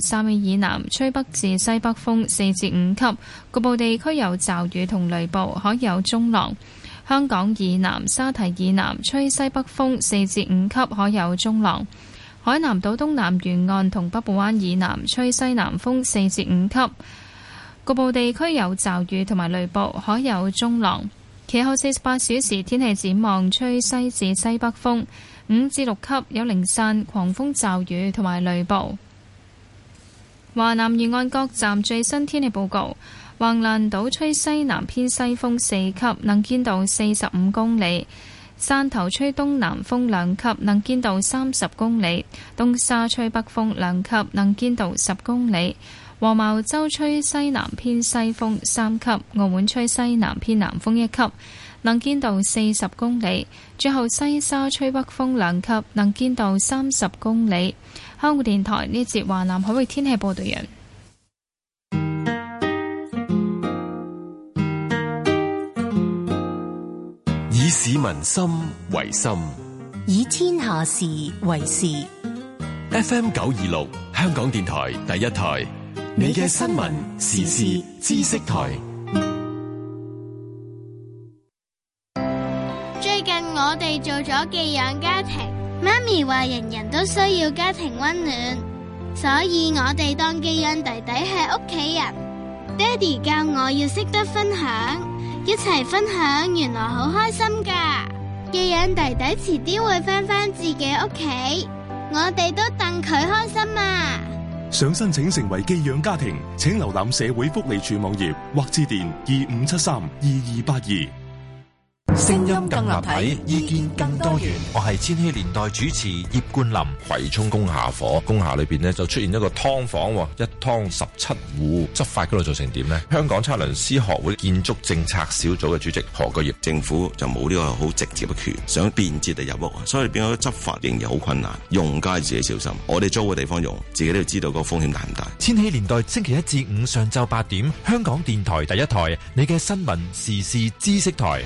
沙尾以南吹北至西北風四至五級，局部地區有驟雨同雷暴，可有中浪。香港以南沙堤以南吹西北風四至五級，可有中浪。海南島東南沿岸同北部灣以南吹西南風四至五級，局部地區有驟雨同埋雷暴，可有中浪。其後四十八小時天氣展望吹西至西北風五至六級，有零散狂風驟雨同埋雷暴。華南沿岸各站最新天氣報告：橫欄島吹西南偏西風四級，能見到四十五公里；汕頭吹東南風兩級，能見到三十公里；東沙吹北風兩級，能見到十公里。黃茅洲吹西南偏西風三級，澳門吹西南偏南風一級，能見度四十公里。最後西沙吹北風兩級，能見度三十公里。香港電台呢節《華南海域天氣報》對人。以市民心為心，以天下事為事。FM 九二六，香港電台第一台。你嘅新聞時事知識台。最近我哋做咗寄養家庭，媽咪話人人都需要家庭溫暖，所以我哋當寄養弟弟係屋企人。爹哋教我要識得分享，一齊分享原來好開心噶。寄養弟弟遲啲會翻返自己屋企，我哋都戥佢開心啊！想申請成為寄養家庭，請瀏覽社會福利處網頁，或致電二五七三二二八二。聲音更立體，意見更多元。多我係千禧年代主持葉冠林。葵涌工廈火，工廈裏邊就出現一個劏房，一劏十七戶，執法嗰度做成點呢？香港測量師學會建築政策小組嘅主席，何國業，政府就冇呢個好直接嘅權，想便捷地入屋，所以變咗執法仍然好困難。用家自己小心，我哋租嘅地方用，自己都要知道個風險大唔大。千禧年代星期一至五上晝八點，香港電台第一台，你嘅新聞時事知識台。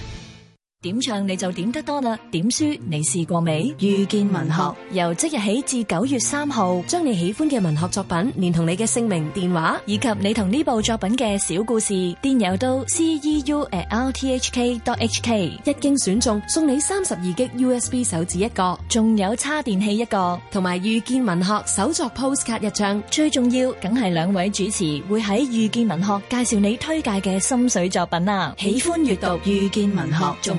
點唱你就點得多啦，點書你試過未？遇見文學由即日起至九月三號，將你喜歡嘅文學作品，連同你嘅姓名、電話以及你同呢部作品嘅小故事，電郵到 ceu@rthk.hk，一經選中，送你三十二 G USB 手指一個，仲有叉電器一個，同埋遇見文學手作 postcard 一張。最重要，梗係兩位主持會喺遇見文學介紹你推介嘅心水作品啦！喜歡閱讀，遇見文學仲。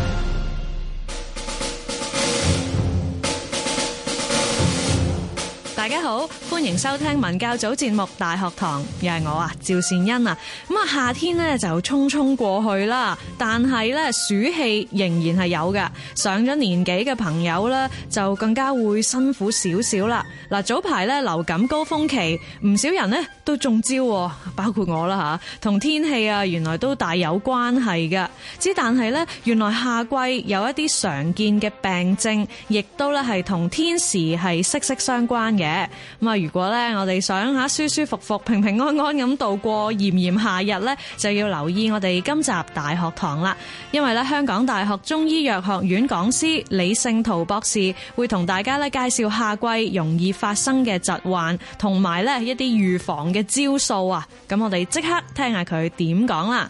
大家好，歡迎收聽文教組節目《大學堂》，又係我啊，趙善恩啊。咁啊，夏天咧就匆匆過去啦，但係咧暑氣仍然係有嘅。上咗年紀嘅朋友咧就更加會辛苦少少啦。嗱，早排咧流感高峰期，唔少人咧都中招，包括我啦吓。同天氣啊，原來都大有關係嘅。只但係咧，原來夏季有一啲常見嘅病症，亦都咧係同天時係息息相關嘅。嘅咁啊！如果咧，我哋想吓舒舒服服、平平安安咁度過炎炎夏日咧，就要留意我哋今集大學堂啦。因為咧，香港大學中醫藥學院講師李勝濤博士會同大家咧介紹夏季容易發生嘅疾患，同埋咧一啲預防嘅招數啊。咁我哋即刻聽下佢點講啦。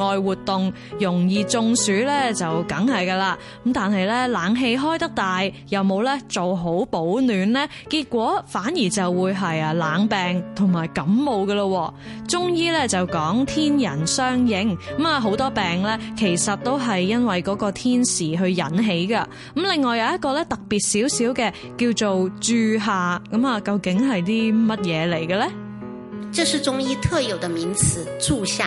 外活動容易中暑呢，就梗係噶啦。咁但係咧，冷氣開得大，又冇咧做好保暖呢，結果反而就會係啊冷病同埋感冒噶咯。中醫咧就講天人相應，咁啊好多病咧其實都係因為嗰個天時去引起噶。咁另外有一個咧特別少少嘅叫做住夏，咁啊究竟係啲乜嘢嚟嘅呢？這是中醫特有的名詞，住夏。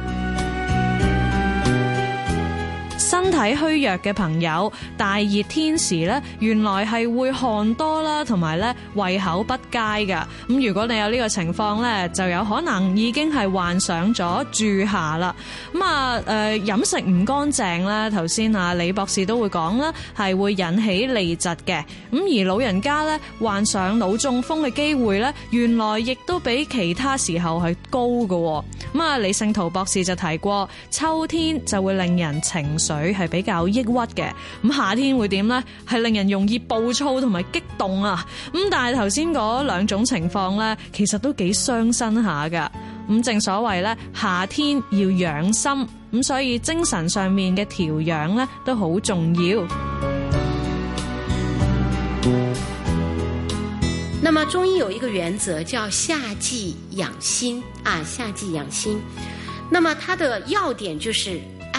身體虛弱嘅朋友，大熱天時呢，原來係會汗多啦，同埋呢胃口不佳㗎。咁如果你有呢個情況呢，就有可能已經係患上咗住夏啦。咁、嗯、啊、呃，飲食唔乾淨啦，頭先啊李博士都會講啦，係會引起痢疾嘅。咁而老人家呢，患上腦中風嘅機會呢，原來亦都比其他時候係高喎。咁、嗯、啊，李勝濤博士就提過，秋天就會令人情緒。佢係比較抑鬱嘅，咁夏天會點呢？係令人容易暴躁同埋激動啊！咁但係頭先嗰兩種情況呢，其實都幾傷身下噶。咁正所謂咧，夏天要養心，咁所以精神上面嘅調養呢都好重要。那麼中醫有一個原則叫夏季養心啊，夏季養心。那麼它的要點就是。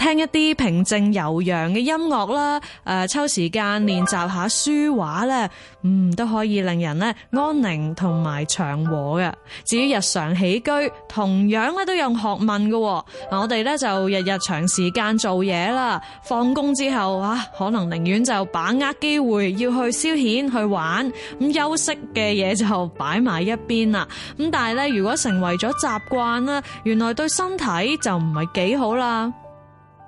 聽一啲平靜悠揚嘅音樂啦，誒、啊，抽時間練習下書畫咧，嗯，都可以令人咧安寧同埋祥和嘅。至於日常起居，同樣咧都用學問嘅。我哋咧就日日長時間做嘢啦，放工之後啊，可能寧願就把握機會要去消遣去玩咁，休息嘅嘢就擺埋一邊啦。咁但係咧，如果成為咗習慣啦，原來對身體就唔係幾好啦。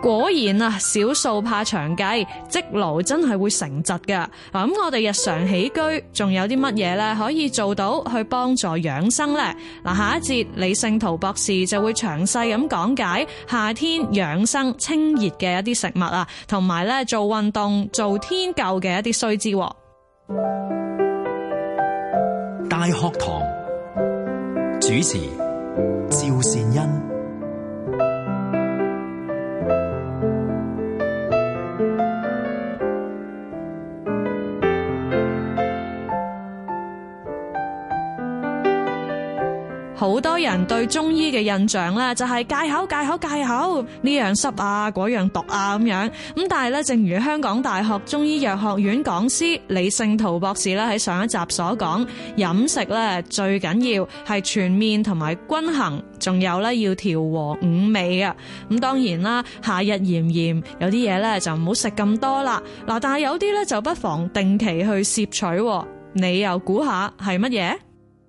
果然啊，少數怕長計，積勞真係會成疾噶。咁我哋日常起居仲有啲乜嘢咧可以做到去幫助養生呢？嗱，下一節李勝濤博士就會詳細咁講解夏天養生清熱嘅一啲食物啊，同埋咧做運動做天灸嘅一啲須知。大學堂主持趙善恩。好多人對中醫嘅印象咧，就係戒口戒口戒口，呢樣濕啊，嗰樣毒啊咁樣。咁但係咧，正如香港大學中醫藥學院講師李勝濤博士咧喺上一集所講，飲食咧最緊要係全面同埋均衡，仲有咧要調和五味呀。咁當然啦，夏日炎炎，有啲嘢咧就唔好食咁多啦。嗱，但係有啲咧就不妨定期去攝取。你又估下係乜嘢？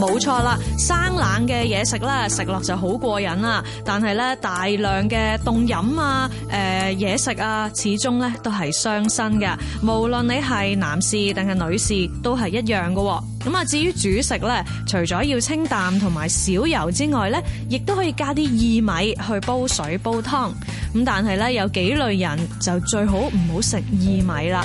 冇錯啦，生冷嘅嘢食咧食落就好過癮啦，但係咧大量嘅凍飲啊、誒、呃、嘢食啊，始終咧都係傷身嘅。無論你係男士定係女士，都係一樣嘅。咁啊，至於主食咧，除咗要清淡同埋少油之外咧，亦都可以加啲薏米去煲水煲湯。咁但係咧，有幾類人就最好唔好食薏米啦。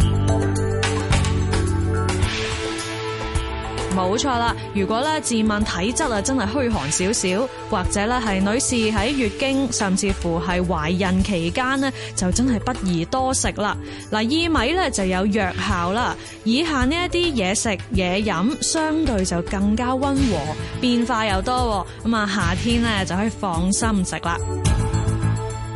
冇錯啦，如果咧自問體質啊真係虛寒少少，或者咧係女士喺月經，甚至乎係懷孕期間呢，就真係不宜多食啦。嗱，薏米咧就有藥效啦，以下呢一啲嘢食嘢飲，飲相對就更加温和，變化又多，咁啊夏天咧就可以放心食啦。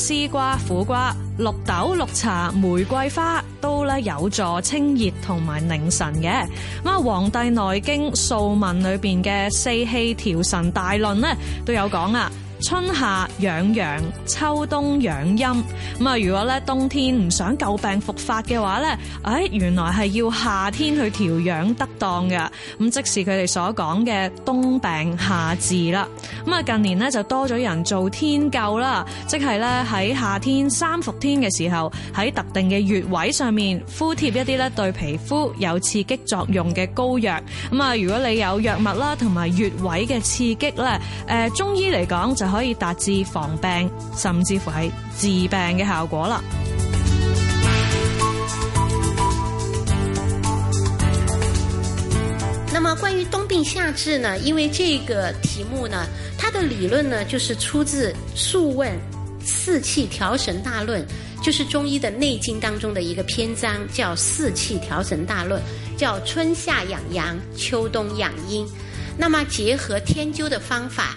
絲瓜、苦瓜、綠豆、綠茶、玫瑰花都咧有助清熱同埋凝神嘅。咁啊《黃帝內經·素問》裏邊嘅《四氣調神大論》咧都有講啊。春夏養陽，秋冬養陰。咁啊，如果咧冬天唔想舊病復發嘅話咧，誒，原來係要夏天去調養得當嘅。咁即是佢哋所講嘅冬病夏治啦。咁啊，近年咧就多咗人做天灸啦，即係咧喺夏天三伏天嘅時候，喺特定嘅穴位上面敷貼一啲咧對皮膚有刺激作用嘅膏藥。咁啊，如果你有藥物啦，同埋穴位嘅刺激咧，誒，中醫嚟講就是。可以達至防病，甚至乎係治病嘅效果啦。那麼關於冬病夏治呢？因為這個題目呢，它的理論呢，就是出自《素問四氣調神大論》，就是中醫的《內經》當中的一個篇章，叫《四氣調神大論》，叫春夏養陽，秋冬養陰。那麼結合天灸的方法，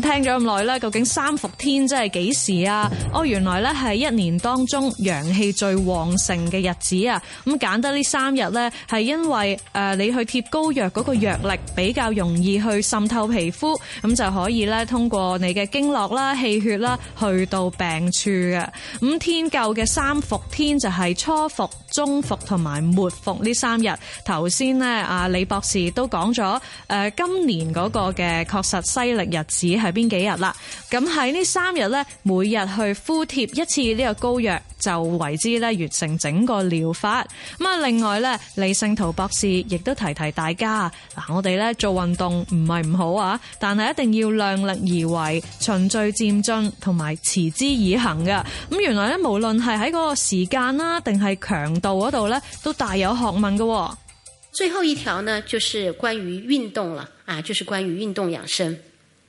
聽咗咁耐咧，究竟三伏天即係幾時啊？哦，原來咧係一年當中陽氣最旺盛嘅日子啊！咁揀得呢三日呢係因為誒、呃、你去貼膏藥嗰個藥力比較容易去滲透皮膚，咁就可以咧通過你嘅經絡啦、氣血啦去到病處嘅。咁、嗯、天灸嘅三伏天就係初伏、中伏同埋末伏呢三日。頭先呢，阿李博士都講咗，誒、呃、今年嗰個嘅確實西曆日子係係邊幾日啦？咁喺呢三日呢，每日去敷貼一次呢個膏藥，就為之呢完成整個療法。咁啊，另外呢，李勝濤博士亦都提提大家嗱，我哋呢做運動唔係唔好啊，但係一定要量力而為、循序漸進同埋持之以恆嘅。咁原來呢，無論係喺嗰個時間啦，定係強度嗰度呢，都大有學問嘅。最後一條呢，就是關於運動啦，啊，就是關於運動養生。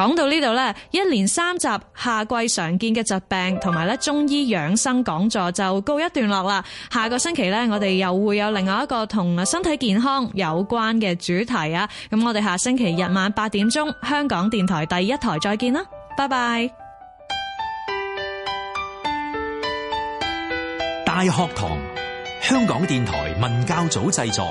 講到呢度，呢一連三集，夏季常見嘅疾病同埋咧中醫養生講座就告一段落啦。下個星期呢，我哋又會有另外一個同身體健康有關嘅主題啊。咁我哋下星期日晚八點鐘，香港電台第一台再見啦，拜拜。大學堂，香港電台文教組製作。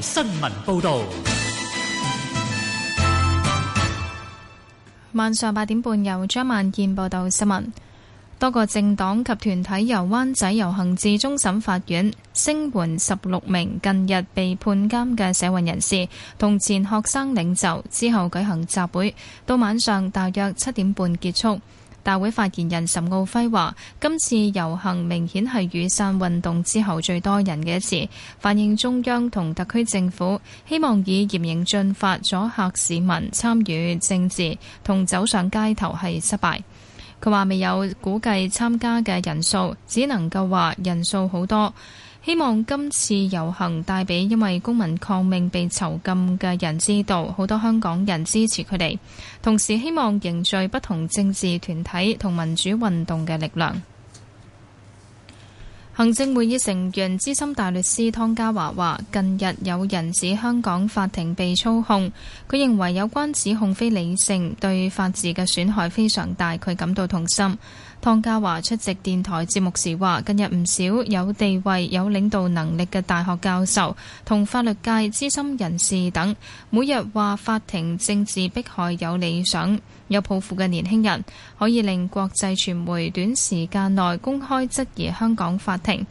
新聞報道。晚上八點半，由張萬健報道新聞。多個政黨及團體由灣仔遊行至終審法院，聲援十六名近日被判監嘅社運人士同前學生領袖，之後舉行集會，到晚上大約七點半結束。大會發言人岑敖暉話：今次遊行明顯係雨傘運動之後最多人嘅一次，反映中央同特區政府希望以嚴刑峻法阻嚇市民參與政治同走上街頭係失敗。佢話未有估計參加嘅人數，只能夠話人數好多。希望今次遊行帶俾因為公民抗命被囚禁嘅人知道，好多香港人支持佢哋，同時希望凝聚不同政治團體同民主運動嘅力量。行政會議成員資深大律師湯家驊話，近日有人指香港法庭被操控，佢認為有關指控非理性，對法治嘅損害非常大，佢感到痛心。湯家驊出席電台節目時話，近日唔少有地位、有領導能力嘅大學教授同法律界資深人士等，每日話法庭政治迫害有理想、有抱負嘅年輕人，可以令國際傳媒短時間內公開質疑香港法庭。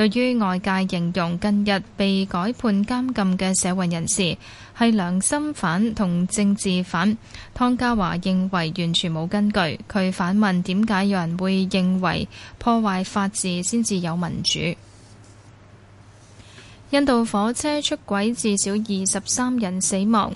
對於外界形容近日被改判監禁嘅社運人士係良心犯同政治犯，湯家驊認為完全冇根據。佢反問：點解有人會認為破壞法治先至有民主？印度火車出軌，至少二十三人死亡。